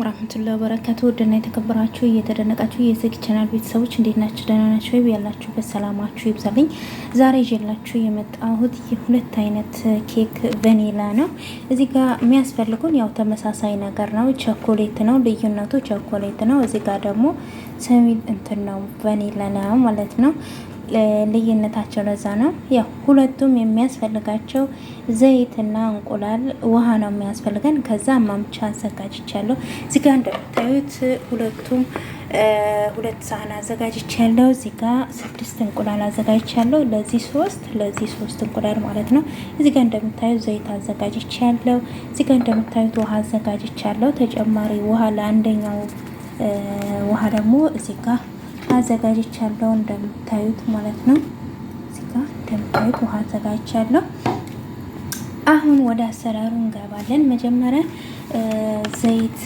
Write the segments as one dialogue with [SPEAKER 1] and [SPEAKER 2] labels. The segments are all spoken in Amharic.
[SPEAKER 1] አለይኩም ወራህመቱላሂ ወበረካቱ ወደና የተከበራችሁ እየተደነቃችሁ የዚህ ቻናል ቤተሰቦች እንዴት ናችሁ? ደህና ናችሁ ወይ? ያላችሁ በሰላማችሁ ይብዛልኝ። ዛሬ ይዤላችሁ የመጣሁት የሁለት አይነት ኬክ ቫኒላ ነው። እዚህ ጋር የሚያስፈልጉን ያው ተመሳሳይ ነገር ነው፣ ቸኮሌት ነው። ልዩነቱ ቸኮሌት ነው። እዚህ ጋር ደግሞ ሰሚል እንትን ነው፣ ቫኒላ ነው ማለት ነው። ልዩነታቸው ለዛ ነው። ያው ሁለቱም የሚያስፈልጋቸው ዘይትና እንቁላል፣ ውሃ ነው የሚያስፈልገን። ከዛ ማምቻ አዘጋጅቻለሁ። እዚህ እንደምታዩት ሁለቱም ሁለት ሳህን አዘጋጅቻለሁ። እዚህ ጋር ስድስት እንቁላል አዘጋጅቻለሁ። ለዚህ ሶስት ለዚህ ሶስት እንቁላል ማለት ነው። እዚህ እንደምታዩት ዘይት አዘጋጅቻለሁ። እዚህ ጋር እንደምታዩት ውሃ አዘጋጅቻለሁ። ተጨማሪ ውሃ ለአንደኛው ውሃ ደግሞ እዚህ ጋር አዘጋጅቻለሁ እንደምታዩት ማለት ነው። እዚጋ እንደምታዩት ውሃ አዘጋጅቻለሁ። አሁን ወደ አሰራሩ እንገባለን። መጀመሪያ ዘይት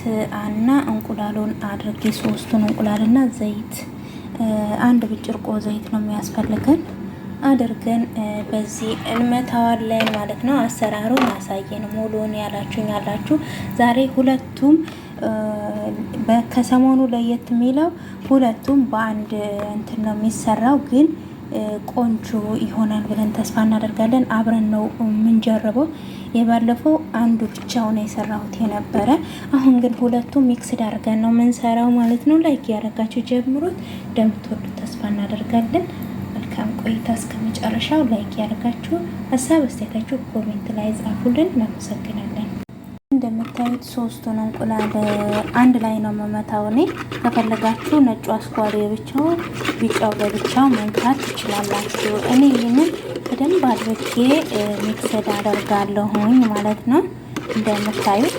[SPEAKER 1] እና እንቁላሉን አድርጌ ሶስቱን እንቁላልና ዘይት አንድ ብጭርቆ ዘይት ነው የሚያስፈልገን አድርገን በዚህ እንመታዋለን ማለት ነው። አሰራሩን አሳየን ሙሉን ያላችሁኝ ያላችሁ ዛሬ ሁለቱም ከሰሞኑ ለየት የሚለው ሁለቱም በአንድ እንትን ነው የሚሰራው ግን ቆንጆ ይሆናል ብለን ተስፋ እናደርጋለን። አብረን ነው የምንጀርበው። የባለፈው አንዱ ብቻውን የሰራሁት የነበረ፣ አሁን ግን ሁለቱ ሚክስ ዳርገን ነው የምንሰራው ማለት ነው። ላይክ ያደረጋችሁ ጀምሩት፣ እንደምትወዱ ተስፋ እናደርጋለን። መልካም ቆይታ እስከ መጨረሻው። ላይክ ያደርጋችሁ፣ ሀሳብ አስተያየታችሁ ኮሜንት ላይ ጻፉልን። እናመሰግናለን። እንደምታዩት ሶስቱን እንቁላል አንድ ላይ ነው መመታው። እኔ ከፈለጋችሁ ነጩ አስኳሪ ብቻው ቢጫው በብቻው መምታት ትችላላችሁ። እኔ ይህንን በደንብ አድርጌ ሚክሰድ አደርጋለሁኝ ማለት ነው። እንደምታዩት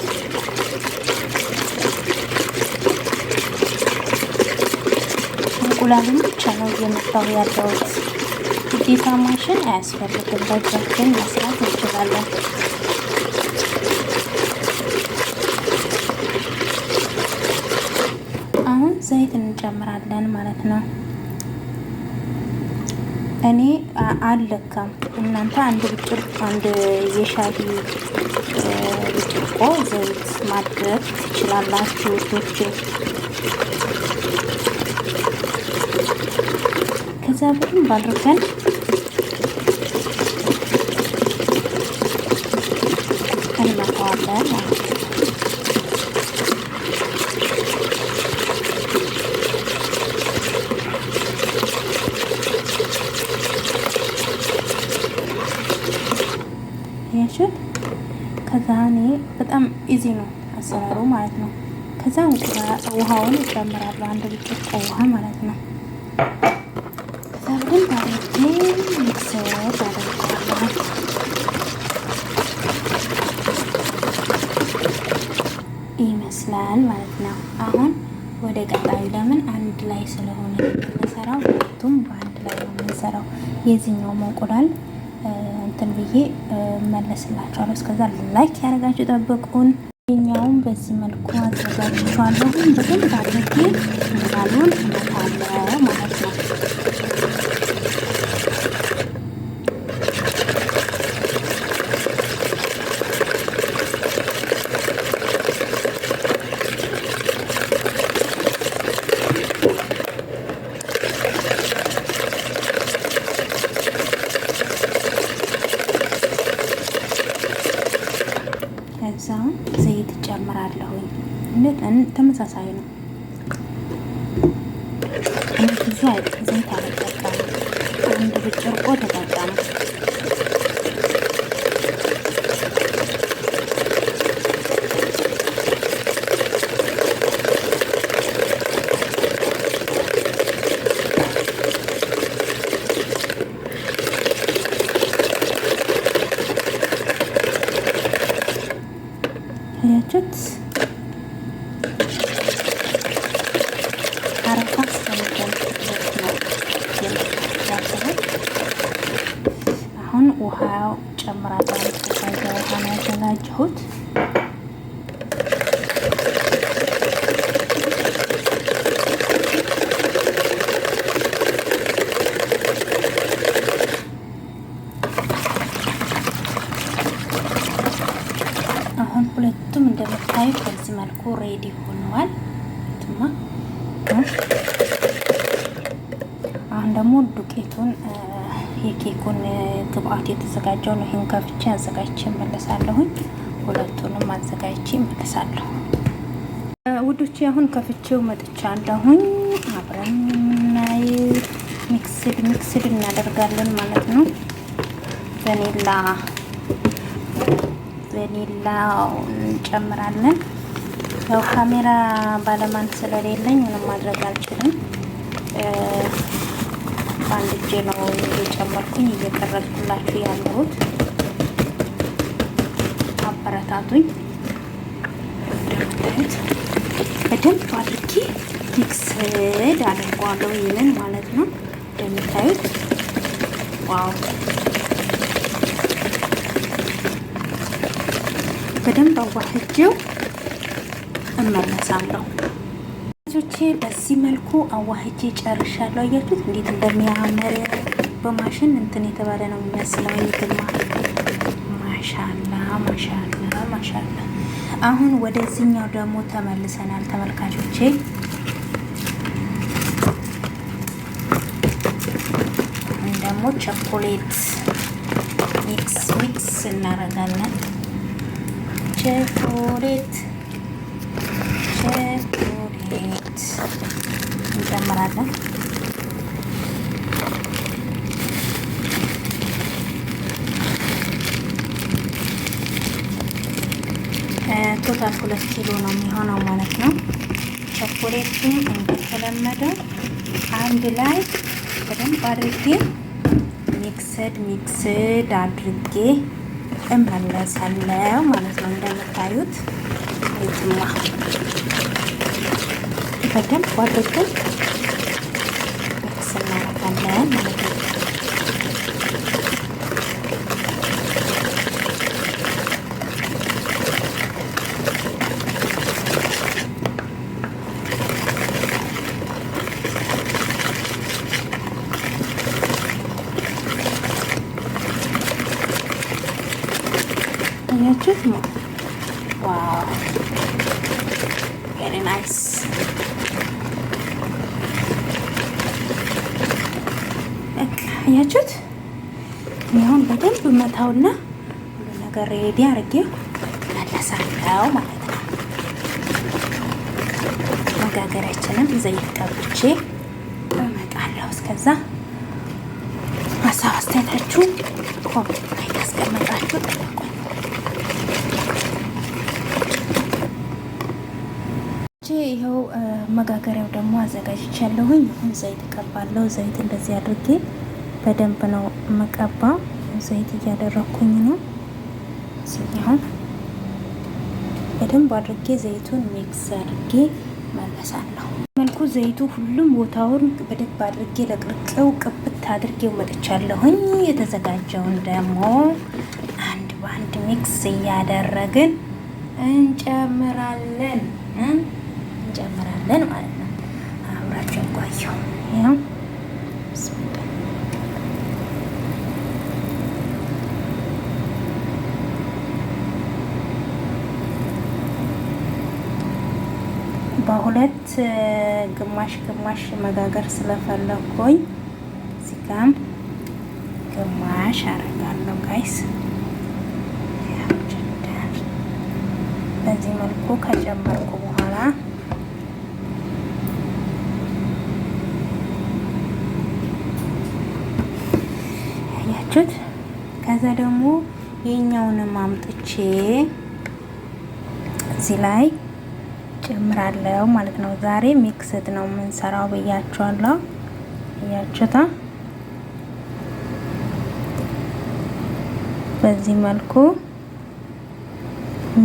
[SPEAKER 1] እንቁላሉን ብቻ ነው እየመታው ያለሁት። ግዴታ ማሽን አያስፈልግም፣ በእጃችን መስራት እንችላለን። ዘይት እንጨምራለን ማለት ነው። እኔ አልለካም፣ እናንተ አንድ ብርጭቆ አንድ የሻሂ ብርጭቆ ዘይት ማድረግ ትችላላችሁ ውዶቼ። ከዛ በደንብ አድርገን እንመታዋለን ማለት ስለምትችል ከዛ እኔ በጣም ኢዚ ነው አሰራሩ ማለት ነው። ከዛ ውሃውን ይጨምራሉ አንድ ብርጭቆ ውሃ ማለት ነው። ከዛ በደንብ ሚክሰር አደርገዋለሁ። ይመስላል ማለት ነው። አሁን ወደ ቀጣዩ ለምን አንድ ላይ ስለሆነ የምንሰራው ሁለቱም በአንድ ላይ ነው የምንሰራው የዚህኛው እንቁላል ይመስል ብዬ መለስላችኋለሁ። እስከዛ ላይክ ያደረጋችሁ ጠብቁን። ኛውም በዚህ መልኩ አዘጋጅቸዋለሁ በደንብ አድርጌ ከዛ ዘይት ጨምራለሁ። ተመሳሳይ ነው። ብዙ ዘይት አልጠቀምም። አንድ ብርጭቆ ተጠ ውሃ ጨምራለሁ። ከዛ ውሃ ነው ያዘጋጀሁት። አሁን ሁለቱም እንደምታዩ በዚህ መልኩ ሬዲ ሆነዋል። ትማ አሁን ደግሞ ዱቄቱን የኬኩን uh, ግብአት የተዘጋጀው ነው። ይህን ከፍቼ አዘጋጅቼ መለሳለሁኝ። ሁለቱንም አዘጋጅቼ መለሳለሁ። uh, ውዶች አሁን ከፍቼው መጥቻለሁኝ። አብረን የምናይ ሚክስድ ሚክስድ እናደርጋለን ማለት ነው። ቫኒላ ቫኒላ እንጨምራለን። ያው ካሜራ ባለማን ስለሌለኝ ምንም ማድረግ አልችልም። uh, በአንድ ነው እየጨመርኩኝ እየቀረጽኩላችሁ ያለሁት። አበረታቱኝ። እንደምታዩት በደንብ አድርጌ ሚክስድ አድርጓለሁ። ይህንን ማለት ነው። እንደምታዩት ዋው! በደንብ አዋህጄው እመለሳለሁ። አዘጋጅቼ በዚህ መልኩ አዋህጄ ጨርሻለሁ። አያችሁት እንዴት እንደሚያምር በማሽን እንትን የተባለ ነው የሚመስለው። ይግማ ማሻላ ማሻላ ማሻላ። አሁን ወደዚህኛው ደግሞ ተመልሰናል ተመልካቾቼ ደግሞ ቸኮሌት ሚክስ ሚክስ እናደርጋለን። ቸኮሌት ቸኮሌት ሽንኩርት እንጨምራለን። ቶታል ሁለት ኪሎ ነው የሚሆነው ማለት ነው። ቸኮሌቱን እንደተለመደው አንድ ላይ በደንብ አድርጌ ሚክስድ ሚክስድ አድርጌ እመለሳለሁ ማለት ነው። እንደምታዩት ይትማ kadang waktu itu bersenar pandan Я чувствую. Very nice. አያችሁት? ይሁን በደንብ መታውና ሁሉ ነገር ሬዲ አድርጌው መለሳለው ማለት ነው። መጋገሪያችንን ዘይት ቀብቼ እመጣለሁ። እስከዛ ሀሳብ አስተያየታችሁ ኮሜንት ላይ ያስቀመጣችሁ ጠብቁኝ። ይኸው መጋገሪያው ደግሞ አዘጋጅቻለሁኝ። አሁን ዘይት እቀባለሁ። ዘይት እንደዚህ አድርጌ በደንብ ነው መቀባ። ዘይት እያደረኩኝ ነው። አሁን በደንብ አድርጌ ዘይቱን ሚክስ አድርጌ መለሳለሁ። መልኩ ዘይቱ ሁሉም ቦታውን በደንብ አድርጌ ለቅርቄው ቅብት አድርጌው መጥቻለሁኝ። የተዘጋጀውን ደግሞ አንድ በአንድ ሚክስ እያደረግን እንጨምራለን። ግማሽ ግማሽ መጋገር ስለፈለኩኝ እዚህ ጋም ግማሽ አረጋለሁ ጋይስ። በዚህ መልኩ ከጨመርኩ በኋላ ያያችሁት። ከዛ ደግሞ የኛውንም አምጥቼ እዚህ ላይ ጨምራለሁ ማለት ነው። ዛሬ ሚክስድ ነው የምንሰራው ብያችኋለሁ። እያችሁታ በዚህ መልኩ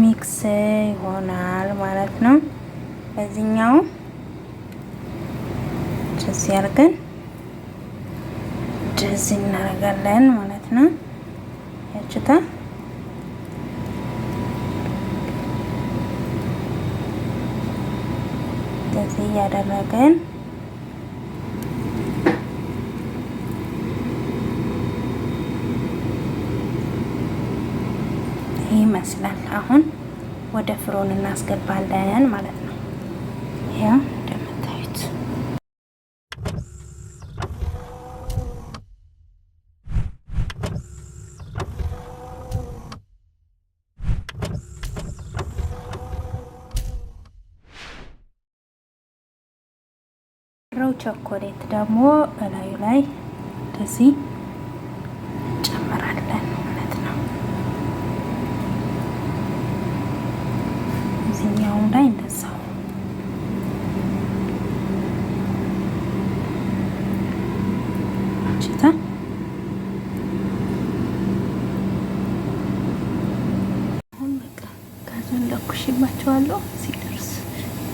[SPEAKER 1] ሚክስ ይሆናል ማለት ነው። በዚህኛው ድረስ ያርገን ድረስ እናደርጋለን ማለት ነው። ያችሁታ እያደረግን ይመስላል። አሁን ወደ ፍሮን እናስገባለን ማለት ነው። የተሰራው ቸኮሌት ደግሞ እላዩ ላይ እንደዚህ እንጨምራለን ማለት ነው። እዚህኛውም ላይ እንደዛው አሁን በቃ ጋዙን ለኩሽባቸዋለሁ። ሲደርስ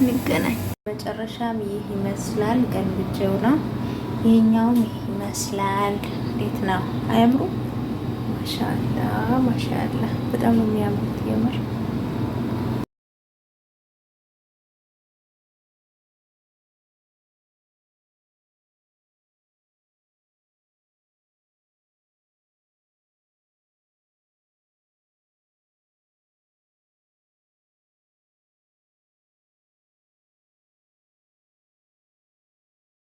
[SPEAKER 1] እንገናኝ። መጨረሻም ይህ ይመስላል። ገንብጀው ነው። ይህኛውም ይህ ይመስላል። እንዴት ነው? አያምሩ? ማሻላ ማሻላ፣ በጣም ነው የሚያምሩት የምር